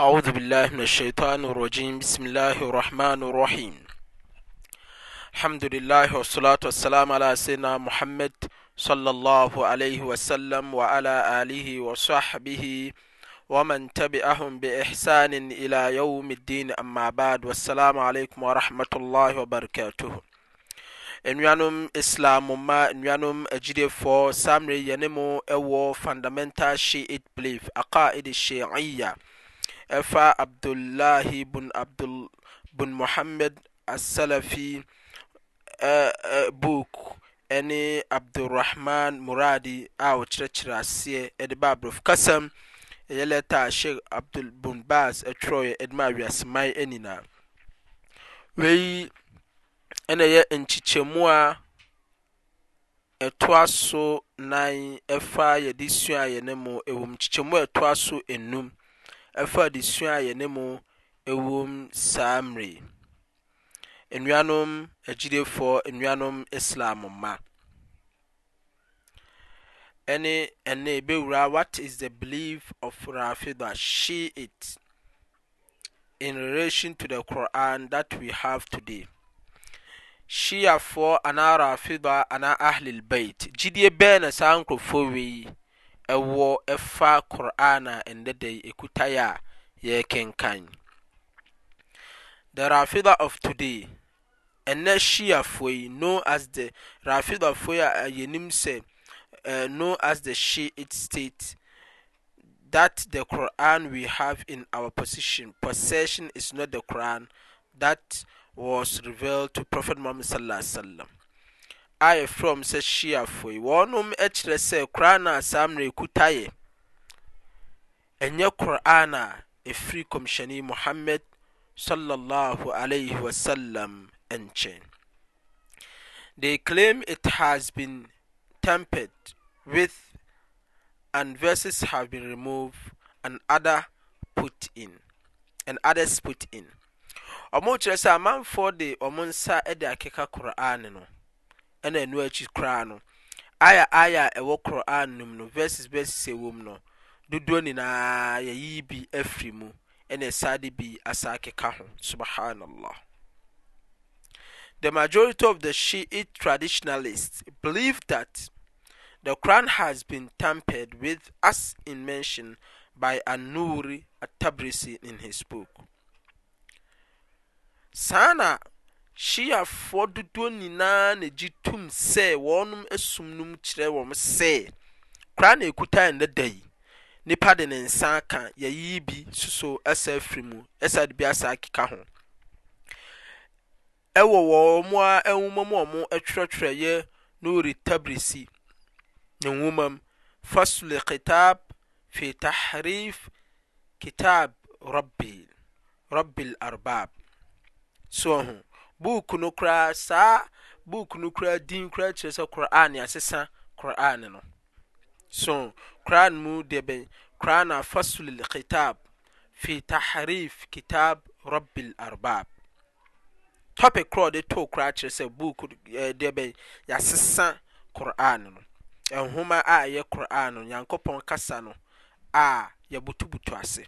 أعوذ بالله من الشيطان الرجيم بسم الله الرحمن الرحيم الحمد لله والصلاة والسلام على سيدنا محمد صلى الله عليه وسلم وعلى آله وصحبه ومن تبعهم بإحسان إلى يوم الدين أما بعد والسلام عليكم ورحمة الله وبركاته nnuanom islam ma nnuanom أجري فو سامري ينمو ɛwɔ fundamental شيئت بليف أقائد الشيعية fa abdulahi bun muhamed asalafi bok ne abdurahman moradi a wɔ kyerɛkyerɛ aseɛ de babrɔh kasam yɛlɛta she abdbunbas terɛ dima awiaseman nyinaa weinyɛ nkyekyɛmu a toason fa yɛde sua ayɛne m wɔm nkyekyɛmu a ɛtoaso num ɛfa adesua a yɛne mo ɛwɔ mu saa mmerɛ nnuanom agyilefoɔ nnuanom islam ma ɛne ɛne ebewura what is the belief of rafida She it in relation to the quran that we have today shiafoɔ anaa rafida anaa ahlil bait gyidie bɛɛ na saa nkurɔfoɔ wei wɔ fa qur'an a ɛndday ekutae a yɛkenkan the rafida of today n shia foi n as rafidafoi a ynim s kno as the she it state that the quran we have in our position possession is not the quran that was reveled to prohet muhammed slsllem ayɛfrɛm sɛsyiafoi wɔnom kyerɛ sɛ koran a saa mmerɛɛkutayɛ ɛnyɛ qur'an a ɛfiri kɔmhyɛnei mohammed slwslm nkyɛ te claim it has been tempered with and verses have been removed an others put in ɔmokyerɛ sɛ amanfoɔ de ɔmo nsa de akeka kuran no ɛna ɛnu akyi koraa no aya aya ɛwɔ no verses verses no dodoɔ nyinaa bi afiri mu ɛna ɛsaade bi ho subhanallah The majority of the Shiite traditionalists believe that the Quran has been tampered with, as in mention by Anouri Atabrisi in his book. Sana syiafoɔ dodoɔ nyinaa na gye tum sɛ wɔɔnom asumnom kyerɛ wɔ m sɛ koraa ne ɛkutai na dayi nipa de ne nsa aka yɛyi bi suso asaa firi mu ɛsade bi asaa keka ho ɛwɔ wɔ moar womam ɔ mo ɛtwerɛtwerɛyɛ noritabrecy ne nwomam fasle kitab fi tahrif kitab rabil arbab s h bokno korasaa buk no kora din kora kyerɛ sɛ kuran eh, yasesa quran no s koranmude bɛkora nafasulelkitab fi tahrif kitab rɔblarbab topic koro de too korakyerɛ sɛ bkde bɛ yasesa kur'an no homa ayɛ quran o nyankopɔn kasa no aybotbotose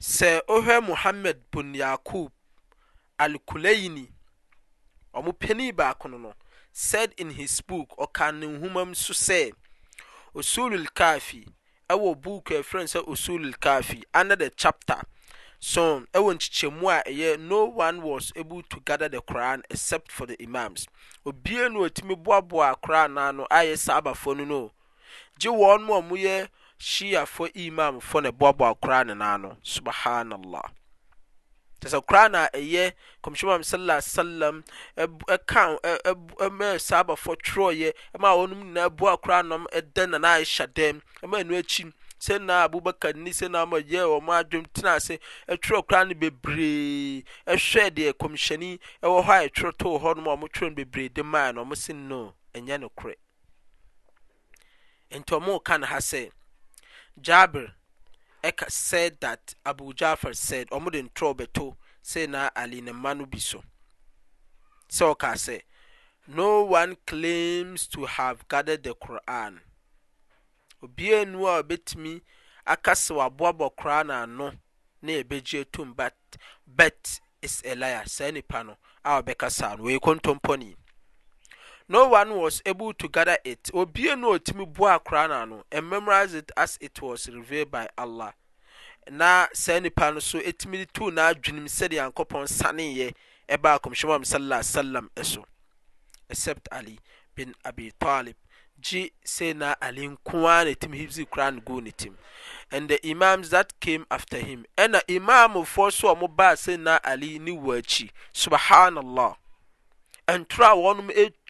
sɛ o hwɛ mohamed bun yakob alkulaini ɔmo peni baako n no said in his book ɔka ne nhomam so sɛ osululkafi wɔ buuk afrin sɛ osullkafi under the chapter so wɔ nkyekyeɛmu a ɛyɛ no one was able to gather the qoran except for the imams obier no ɔtumi boaboa qoranaano ayɛ saabafɔ nu no gye wɔn amoyɛ shiafo imamfo na ɛboaboa koraa ne nan no subhanallah te sɛ koraa na ɛyɛ e kɔmhyɛmam sallallahu alaihi wasallam ɛka e e ɛmɛ saabafo twerɛyɛ ɛma wɔn nyinaa boa koraa nom ɛdɛ na na ahyɛ dɛm ɛma ɛnu akyi sɛna abubakar ni sɛna ama yɛ wɔn adwom tena ase ɛtwerɛ koraa no bebree ɛhwɛ deɛ kɔmhyɛni ɛwɔ hɔ a ɛtwerɛ too hɔ nom a wɔn twerɛ no bebree de maa no wɔn si no ɛnyɛ no korɛ nti wɔn ka no ha sɛ jabir ɛka said that abu jafar said ɔmo de ntorɔ bɛto sɛ na ali ne mma no bi so sɛ ɔka sɛ no one claims to have gathered the quran obiara nu a ɔbɛtumi aka sɛ waboaboa koraa ano na yɛbɛgye atum but bet is a liar saa nipa no a ɔbɛkasa no wɔyɛ kontompɔni nowble togthr it obi n tumi boaa koranano memorizet as it was reveed by allah na saa nnipa no so timi to nadwenem sɛne nyankpɔn saneɛ baɛssm s except ali bin abitalib sana al n n the imams that cam after him ɛna imamfoɔ smo ba sana ali ne w ki subhanlt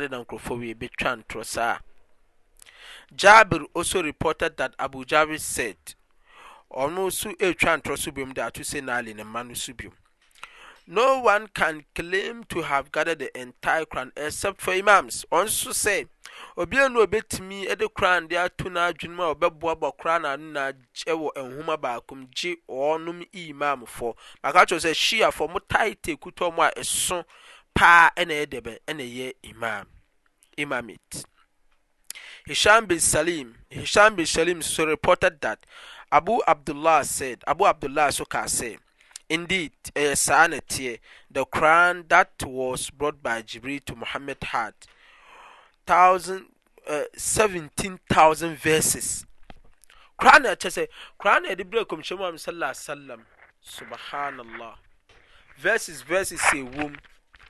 na na nkurɔfoɔ wie bɛtwa ntorɔ saa jabir also reported that abu jabir said ɔno nso retwa ntorɔ so biom de ato sɛ naali ne mma no so biom no one can claim to have gathered the entire crown except for imams ɔnso sɛ obiara no obetumi de Quran de ato n'adwene mu a ɔbɛboaboa crown ano na ɛwɔ nhoma baako mu gye ɔnom imamfoɔ maka kyerɛ sɛ shiafoɔ mo taite kuta mu a ɛso paa ɛna ɛyɛ dɛbɛ ɛna ɛyɛ imam imamit hisham bin salim hisham bin salim so reported that abu abdullah said abu abdullah so ka say indeed ɛyɛ saa na teɛ the quran that was brought by jibril to muhammad had thousand seventeen uh, thousand seventeen thousand verses quran na kyerɛ sɛ quran na yɛde bere kɔmhyɛn mu sallallahu subhanallah verses verses ɛwɔ mu.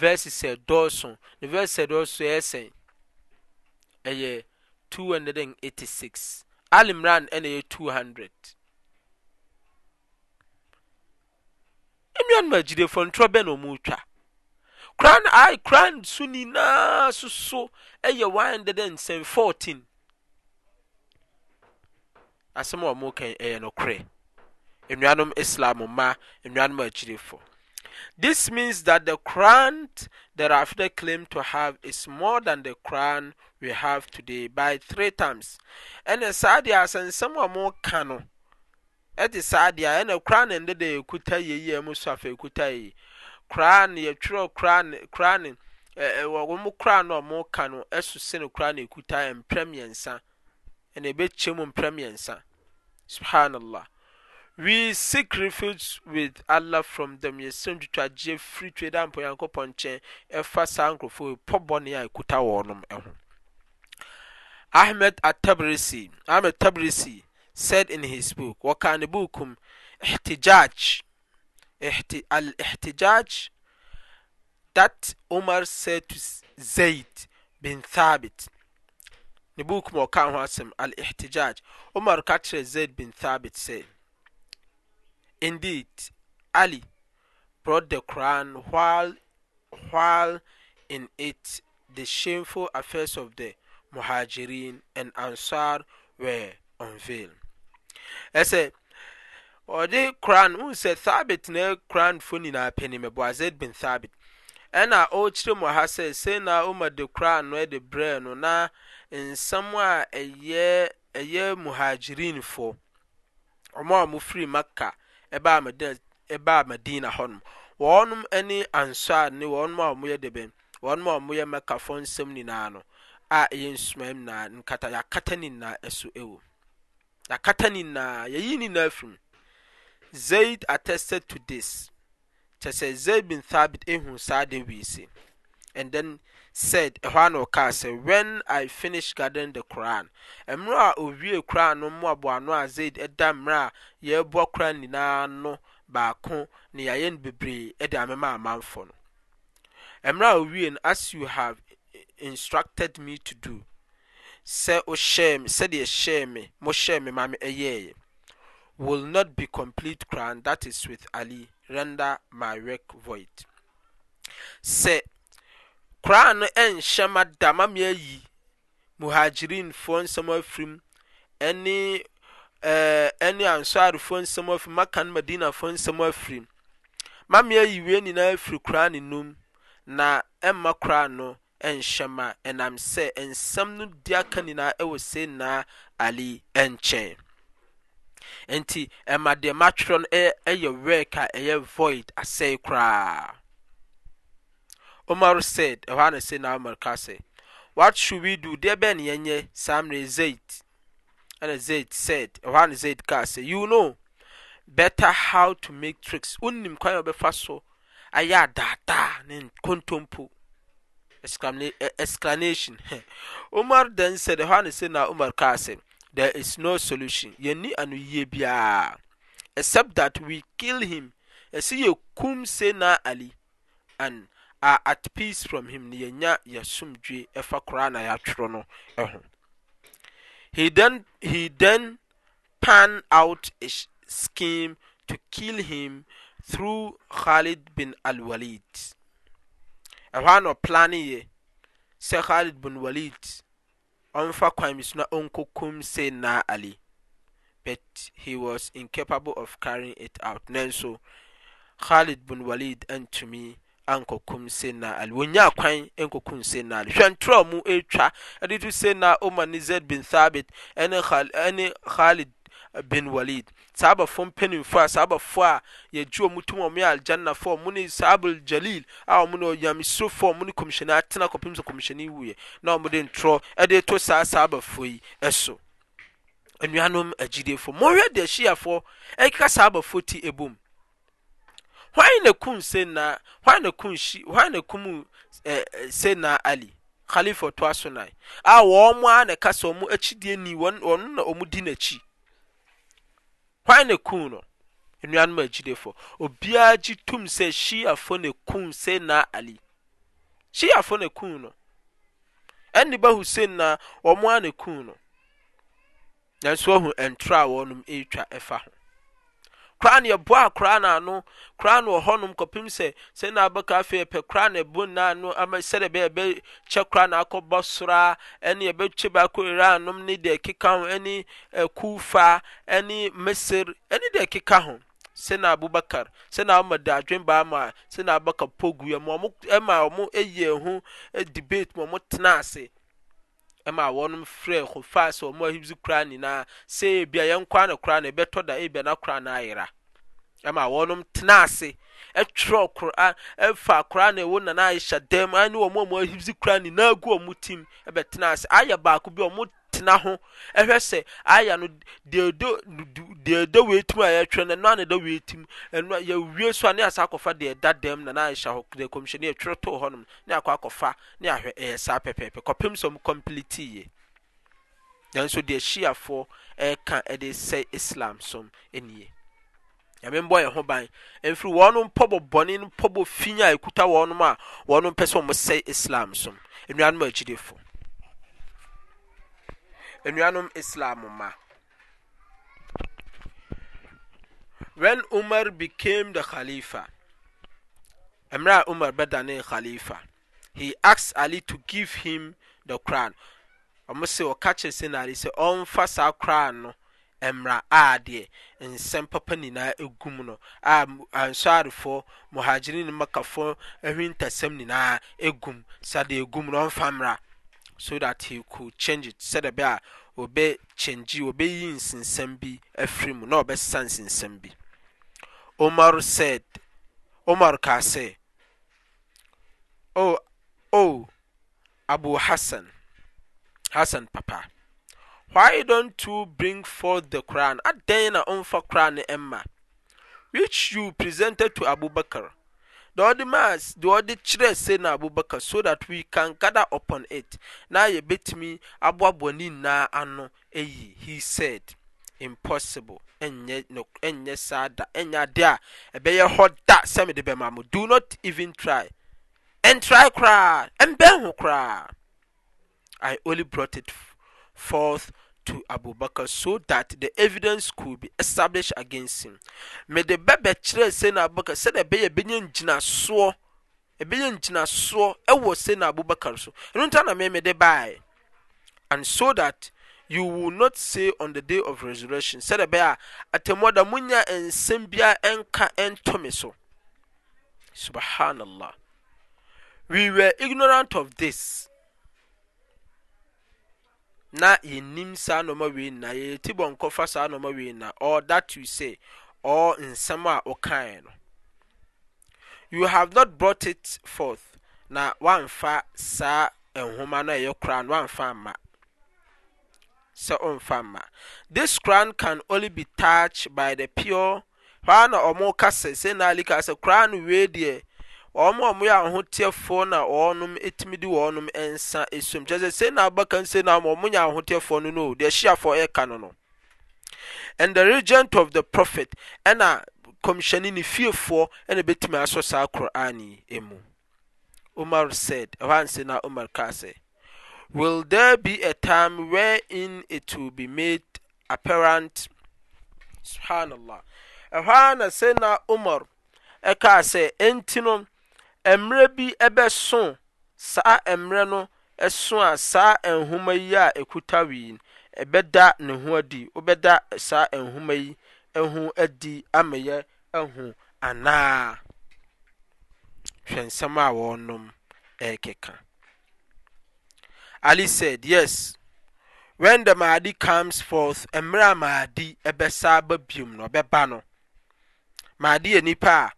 vrse sɛ dɔsn vrs sɛ dɔsɛs yɛ 6 amran nyɛ 00 nanom gyief ntrɔ bɛne ɔmutwa kora n koran so nyinaa soso yɛ114 asm mk yɛ nokr nnuanom islam ma nanmgyif this means that the korant the rafdar claim to have is more than the koraan we have today by three times ɛne saa deɛa sɛnsɛm a moka no ɛte saa deɛa ɛne kora no ndedɛ ɛkuta yeyi m so afa ɛkutayii koraa n yɛtwerɛ kora ne wmo kora no ɔ mo ka no suse no kora no ɛkuta ɛmprɛ miɛnsa ɛn bɛkyɛm mprɛmɛnsa subhanallah we sick refuge with allah from them yɛsɛm tutu agyeɛ fri tue da ampa nyankpɔn nkyɛn ɛfa sa nkurɔfo ipɔbɔnea ɛkuta wɔnom ho aahmed tabresy said in his book wɔka ne buukum htigjagalihtigjage that omar sɛi to zaid bin thabit ne buukum wɔka ho asɛm alihtigjage omar ka kyerɛ zaid bin tabit si indeed ali broght the coron wwale in it the shameful affairs of the mohagerine and ansar were onvalle ɛsɛ ɔde kran wou sɛ thabit na kranfo nnyinaa panim boazi bin thabit ɛna ɔrekyere mɔ ha sɛ sena oma de cron no de brɛɛ no na nsam a ɛyɛ mohagerinefɔ ɔma a mofri makka ɛbaa medina ɛbaa medina hɔnom wɔnom ne ansar ne wɔnom a wɔyɛ debɛn wɔnom a wɔyɛ mɛkafoɔ nsɛm nyinaa no a ɛyɛ nsuma nyinaa nkata yɛakata ne nyinaa ɛso ɛwɔ yɛakata ne nyinaa yɛyi nyinaa firi zaid attested to this kyɛ sɛ zaid bin thabit ehu saa de wiise and then said ɛhɔ ana ɔkaa sɛ when i finish gathering the quran mmerɛ a owie quran no mmoaboa no a zaid ɛda mmerɛ a yɛreboa quran nyinaa no baako ne yɛayɛ no bebree ɛde amema amanfo no mmerɛ a owie no as you have instructed me to do sɛ wohyɛɛ me sɛdeɛ hyɛɛ me mohyɛɛ me ma me ɛyɛɛ will not be complete quran that is with ali render my work void sɛ koraa no nhyɛ ma da ma me ayi muhagirinfoɔ nsɛm afiri mu ɛne ɛɛ ɛne ansoarefoɔ nsɛm afiri mu maka no madinafoɔ nsɛm afiri ma me ayi wie nyinaa afiri koraa no num na ɛmma koraa no nhyɛ ma ɛnam sɛ nsɛm no di aka nyinaa ɛwɔ na ali nkyɛn nti ɛma deɛ matwerɛ no ɛyɛ ɛyɛ work a ɛyɛ void asɛe koraa omar said hnasnamar casɛ what should we do deɛ bɛneyɛnyɛ samr sidza you kno better how to make tricks onnim wanɛ wbɛfa so ayɛ daadaa ne nkɔntompo exclanation e-, omar tn si hnesna omar a thereis no solution yani ano ye biaa except that we kill him ɛsɛ yɛ kum see na ali at peace from him ne yɛanya yasomdwe ɛfa koraana yatworo no ho he then pan out a scheme to kill him throug haled bin alwalid ɛhɔ a na planneɛ sɛ halid bin walid ɔmfa kwanmsona ɔnkɔkom se na ali but he was incapable of carrying it out nanso halid bin walid antomi knyakwahɛ ntr mu ɛta det sena omar ne zad bin thabit ne haled bin walid saabafo panimfo saabaf a yaju mtmmɛ aljana f mne saabljalil yamesro f mne komne atena ks kne wnmdetdeto saa saabafoi s nanm agidefmoɛ de ashyiafo kka saabafo ti bm hwan na kun sena eh, eh, na ali khalifa to a wɔn a na kasa ọmụ akyidie ni na wɔn di n'akyi hwan na kum no nnuanom agyidefo obiara gye tum sɛ shiafo na kum sena ali shiafo na kum no ɛnni ba hussein na wɔn a na kum no a retwa koraa na a koraa na ano koraa na ɔhɔnom kɔpem sɛ sɛ na abɛka afei yɛpɛ koraa na ɛbu na ano ama sɛdeɛ bɛyɛ bɛkyɛ koraa na akɔbɔ sora ɛne yɛbɛtwe baako iranom ne deɛ ɛkeka ho ɛne ɛkufa ɛne mesir ɛne deɛ ɛkeka ho sɛna abubakar sɛna ɔma da adwen baa ma sɛna abubakar po gu yɛ ma ɔmo ɛma ɔmo ɛyɛ ho debate ma ɔmo tena ase ma wɔnom frɛ hofas a wɔn a hibs kura nyinaa sɛ ebi a yɛn kwan na kura na ɛbɛtɔ da ebi a na kura na ayera ma wɔnom tena ase ɛtwerɛ koraa ɛfa koraa na ɛwɔ nana ahyɛ dan ɛne wɔn a wɔn a hibs nyinaa gu wɔn tim ɛbɛtena ase ayɛ baako bi a tena ho ɛhwɛ sɛ aya no deɛ do deɛ do wei tum a yɛtwerɛ no ɛno na da wei tum ɛno yɛwie so a ne asa akɔfa deɛ da dɛm na na ahyɛ hɔ deɛ kɔmhyɛni yɛtwerɛ too hɔnom ne akɔ akɔfa ne ahwɛ ɛyɛ saa pɛpɛɛpɛ kɔpem sɛ ɔmo complete yie nanso deɛ hyiafoɔ ɛɛka ɛde sɛ islam som ɛnie nyame mbɔ yɛn ho ban mfiri wɔn mpɔbɔ bɔne mpɔbɔ fi a ɛkuta wɔn a wɔn mpɛ sɛ wɔn sɛ islam som nnuanom agyidefo isamwn mar becam he aia raaomar bɛdane kalifa he asked ali to giv him the cronɔmos wɔka kyerɛ sɛnare sɛ ɔmfa saa kran no mra a deɛ nsɛm papa nyinaa gum no ansɔarefɔ muhagerinno makafɔ awentasɛm nyinaa gumsade gm nɔfa mra so that he could change it sɛdeɛ bɛ a wɔbɛ kyɛngyi wɔbɛyi nsensɛm bi afiri mu na wɔbɛsesa nsensɛm bi omar said omar kaa sɛ oh oh abu hassan hassan papa why don't you bring forth the quran adɛn na ɔmfa koraa ne ɛma which you presented to abubakar deɛ ɔde mass, deɛ ɔde kyerɛ say na abubakar so that we can gather upon it na yɛbɛtumi aboaboa ne na ano ayi he said impossible Enye no enye saa da dia. Ebe a ɛbɛyɛ hɔ da me mede be mo do not even try And try cry, and be ho cry. i only brought it forth abbakar so that the evidence cold be established against him mede bɛ bɛkyerɛ se ne abobakar sɛ de bɛyɛ inasonya ngyinasoɔ wɔ se ne abobakar soɛno ntaname mede baa and so that you wol not se on the day of resurrection sɛ de bɛyɛ a atmdamonya nsɛm biaa nka ntome so subhanllah wewer ignorant of this na yɛnim saa nneɛma wei na yɛti bɔ nkɔfa saa nneɛma wei na or that you say or nsɛm a ɔkaeɛ no you have not brought it forth na wamfa saa nhoma no a ɛyɛ koraa no wamfa amma sɛ ɔmfa amma this crown can only be touched by the pure hɔ a na ɔmo kasa sɛ na lika sɛ koraa no wei deɛ ɔmmyɛ hoteɛfɔ nanom tumd ɔnom nsa somkyesɛsenaobakasnya hoteɛfoɔ nondeɛhyiafo ka no no an the regent of the prophet ɛna komsyaneno fiefɔ na bɛtumi asɔ saa koran mu mar saɛ wil there be atim werin itlbe mad apparntsnlhnasɛna marasɛ mmerɛ bi ɛbɛso saa mmerɛ no ɛso a saa nhoma yi a ɛkuta wii ɛbɛda ne ho adi wobɛda saa nhoma yi ho adi ama ho anaa hwɛ a wɔnom ɛrekeka ali said yes when the maadi comes forth mmerɛ a maadi ɛbɛsa ba biom no ɔbɛba no maadi yɛ nipa a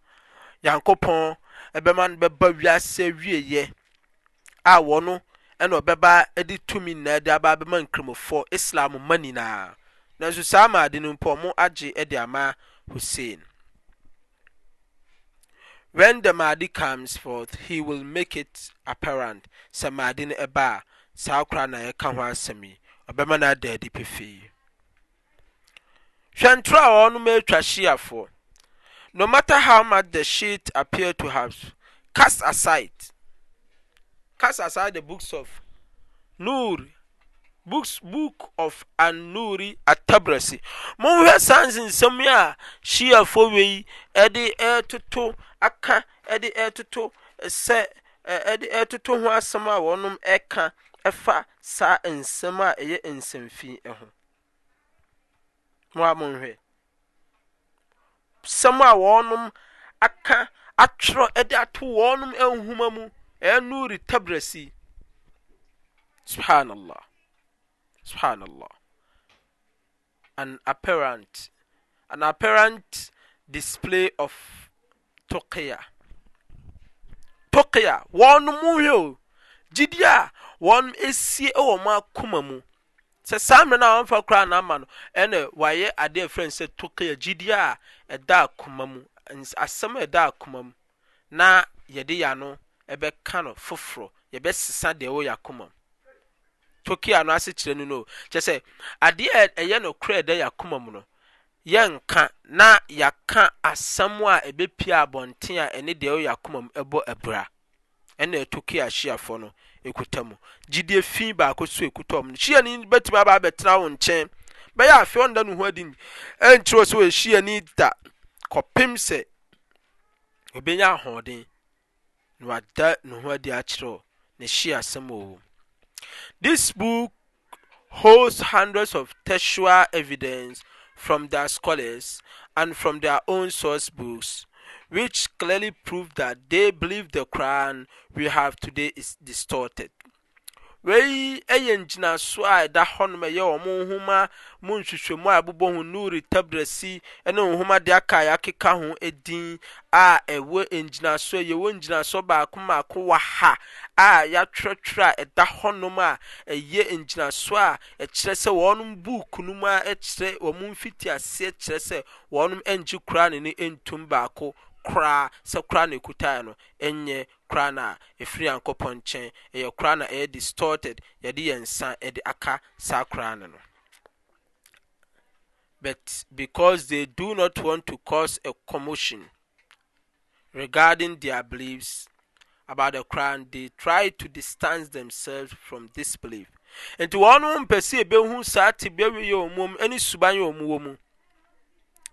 yankopɔn ɔbɛma no bɛba wiase wieɛ a wɔ no na ɔbɛba de tumi nyinaa de ababɛma nkremofɔ islam ma nyinaa nanso saa maade no mpo ɔmo agye de ama hosain when the maade comes forth he will make it apparent sɛ maade no ba a saa kora nayɛka ho asɛm yi ɔbɛma no adaadi pefei hwɛ ntoroa ɔ no maɛtwa syiafoɔ nomater how much the sheet appeard to have cast aside cast aside the books of nor book of annori atabracy monhwɛ saa nsensɛm yi a hyiafo wei ɛde toto aka ɛde toto ho asɛm a wɔnom ɛɛka ɛfa saa nsɛm a ɛyɛ nsamfi hooa sɛm a wɔnom aka atworɛ de ato wɔnom anhuma mu nooretabrɛsi subanla sbanlah aan apparent display of toka toka wɔnom woɛo gyidia wɔnom sie wɔ m akoma mu sɛ saa mmerɛ no a wɔmfa koraa n'ama no ɛna wayɛ adeɛ a frɛn sɛ toke agyidie a ɛda akoma mu asɛm a ɛda akoma mu na yɛde yɛ ano ɛbɛka no foforɔ yɛbɛsesa deɛ ɛwɔ yɛ akoma mu toke ano ase kyerɛ no no kyerɛ sɛ adeɛ a ɛyɛ no korɛ ɛda yɛ mu no yɛnka na yɛaka asɛm a ɛbɛpia abɔnten a ɛne deɛ ɛwɔ yɛ mu ɛbɔ abira ɛna ɛtoke ahyiafoɔ no ekuta mu gyidie fi baako so ekuta wɔn hyiani bɛtumi aba abɛtena wɔn nkyɛn bɛyɛ afei ɔnda ne ho adi ɛnkyerɛ sɛ ɔhyiani da kɔpem sɛ obenya ahoɔden na wada ne ho adi akyerɛ ne hyia asɛm wɔ this book holds hundreds of textual evidence from their scholars and from their own source books which clearly prove that they believe the Quran we have today is distorted. wei yɛ ngyinaso a ɛda hɔnom ɛyɛ wɔn nhoma mu nhwehwɛmu a ɛbobɔ ho nuri tabrasi ne nhoma de aka yɛakeka ho din a ɛwɔ ngyinaso yɛwɔ ngyinaso baako mmaako wɔ ha a yɛatwerɛtwerɛ a ɛda hɔnom a ɛyɛ ngyinaso a ɛkyerɛ sɛ wɔn buuku no mu a ɛkyerɛ wɔn mfiti aseɛ kyerɛ sɛ wɔn ngye koraa ne ne ntum baako sɛ kora no ɛkutaɛ no yɛ kora no a firi ankpɔn nkyɛn yɛ kora no yɛ distorted yɛde yɛnsa de aka saa kora ne no but because the do not wan to cause a commotion regarding their beliefs about e kran te try to distance themselves from dis belief nti ɔ no mpɛ sɛibɛhu saa tebea m nesubaɛmɔmu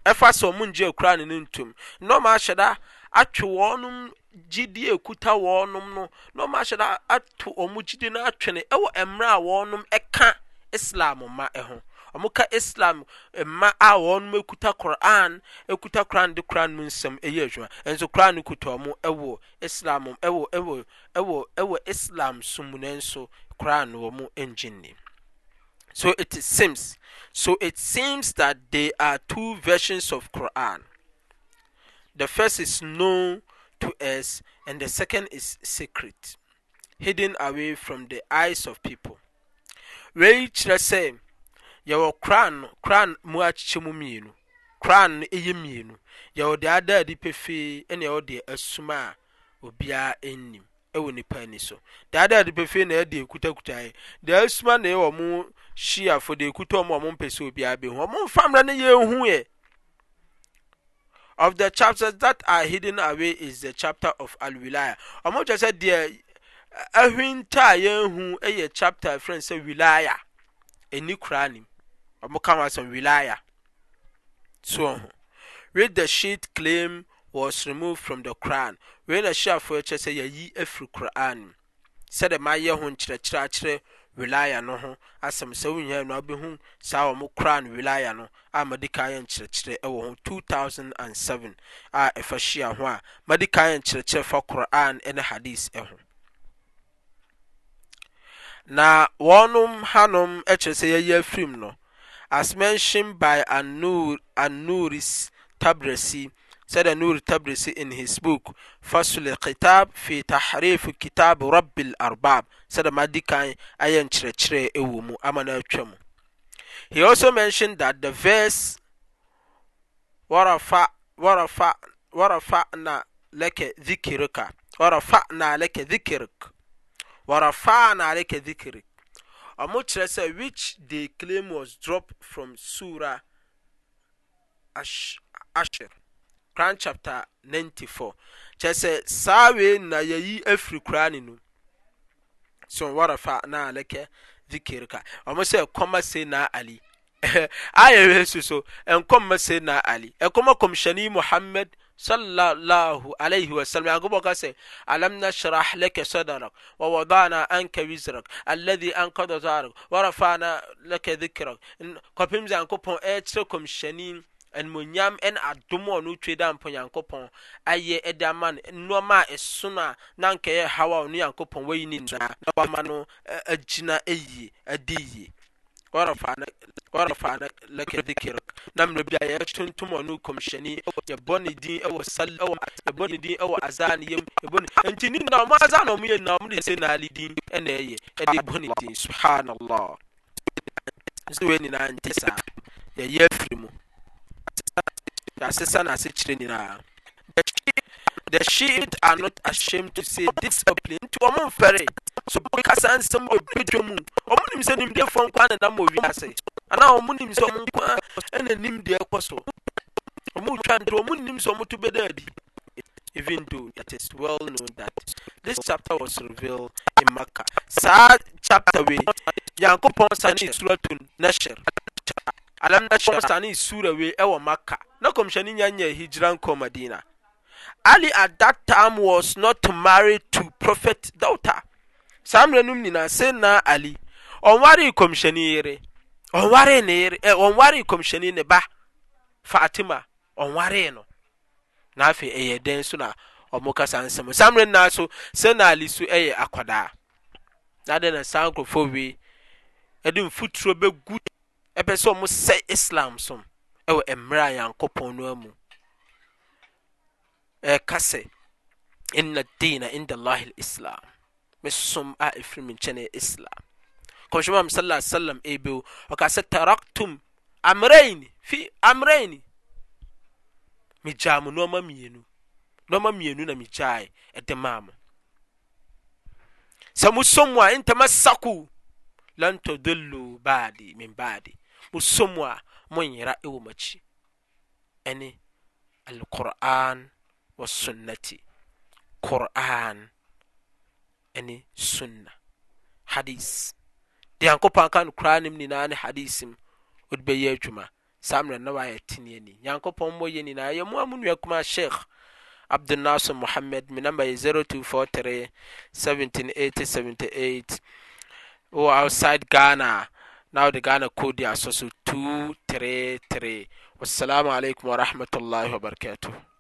ɛfa sɛ mo ngyea korane no ntom noma ahyɛda atwe wɔɔnom gyidi kuta wɔɔnom no nmaahyɛda ato ɔmogyidi no atwene wɔ merɛ a wɔnom ɛka islam ma ho ɔmoka islam ma a wɔnom kuta quran kuta koran de kran mu nsɛm yi dwuma ɛnso kora no kuta m wɔ islam somun nso kora n wɔm nginni so it seems that ther are two versions of quran the first is no to rs an the second is secret hiden away from the eyes of people wei kyerɛ sɛ yɛwɔ aran mu akyekyɛmummien kran no yɛ mmien yɛwɔ de adaadip fe ne ɛɔ de asuma a biaa nnimwɔ nipaniso de adadp fe nedekutakutaeɛ de asumane siafo de kutɔmɔmpɛsɛbiɔmomfamera no yɛhu of the chapters that ar hiden awa is the chapter of alwilliah ɔmyɛ sɛdeɛta eh, yɛhuyɛ chapter fre sɛ wilya ni koraniwlaitthe sheet claim ws remove from the cranisyfokyɛsɛ yfiri koraanim sɛdɛmayɛ ho nkyerɛkyerɛkyerɛ wilaya no ho asɛm sɛ wonyaa no wobɛhu saa mo koraa no wilaya no a madi yɛ nkyerɛkyerɛ wɔ ho 2007 a ɛfa hyia ho a madi yɛ nkyerɛkyerɛ fa koran ne hadis ho na wɔnom hanom kyerɛ sɛ yɛyɛ afirim no as mentioned by anuris tabrasi said Nur Tabrisi in his book Fasul Kitab fi Tahrif Kitab Rabbil Arbab said Madikan ayan chere ewu mu amana atwa He also mentioned that the verse warafa warafa warafa'na Leke, dhikrika warafa'na laka dhikrik warafa'na laka dhikrik ɔmo kyerɛ sɛ which they claim was dropped from surah ash asher rancapte safr kra k n muhamad w alansra k sd ada nka w animonyam ɛne adom a ɔno twe da mpo nyankopɔn ayɛ ɛde ama no nneɛma a ɛso no a na nkɛyɛ haw a ɔno nyankopɔn wayi ne nyinaa na wama no agyina yie adi yie ورفعنا لك ذكرك نمر بيا يشتنتم ونوكم شني يبني دين او سل او يبني دين او اذان يم يبني انت ني نا ما اذان مو نا مو دي سنا لي دين انا يي ادي بني دين سبحان الله زوين نانتسا يا يفرمو yɛasesa no ase nyinaa the sheep are not ashamed to say discipline nti wɔn mfɛre so kasa nsɛm wɔ bedwa mu wɔn nim sɛ nimdeɛfoɔ nkwa na nam wɔ wiase anaa wɔn nim sɛ wɔn nkwa ɛna nimdeɛ kɔ so wɔn retwa ntorɔ wɔn nim sɛ wɔn to bɛda adi even though it is well known that this chapter was revealed in Makkah saa chapter wei yankopɔn sani suratul nashr alam na kyerɛ saa ne sura wei ɛwɔ maka na kɔmhyɛne nya nya hijira nkɔ madina ali at that time was not married to prophet daughter saa mmerɛ nom nyinaa sɛnna ali ɔnware kɔmhyɛne yere ɔnware ne yere ɛ eh, ɔnware kɔmhyɛne ne ba fatima ɔnware no na afei ɛyɛ eh, den so na ɔmo kasa nsɛm saa mmerɛ nyinaa so sɛnna ali so ɛyɛ eh, akwadaa na de na saa nkurɔfoɔ wei ɛde mfuturo bɛgu pɛ sɛmo sɛi islam som w merɛ nyanɛ kɔpɔ n amu kasɛ inndin indellah l islam mesom a frimikɛne islam e saaa salamkasɛ taractum amran amran mana inu nade ma mɔ sɛ musomma ntamasako lant lo d min badi mosɔ mu a monyera ɛwɔ makyi ɛne alquran wa sunnati quran ɛne sunna hadis deɛ nyankopɔn ka no koraa no m nyinaa ne hadis m wode bɛyɛ adwuma saa mmerɛ na waayɛ teneɛ ni nyankopɔn mmɔ yɛ nyinaa yɛ mu a mu nua kuma sheikh abdunasir mohammed me namba yɛ 0243 178078 wɔ outside ghana naaw di gana koodiya sosu 2o tre 3r wassalamu alaykum warahmatullahi wa barakatuh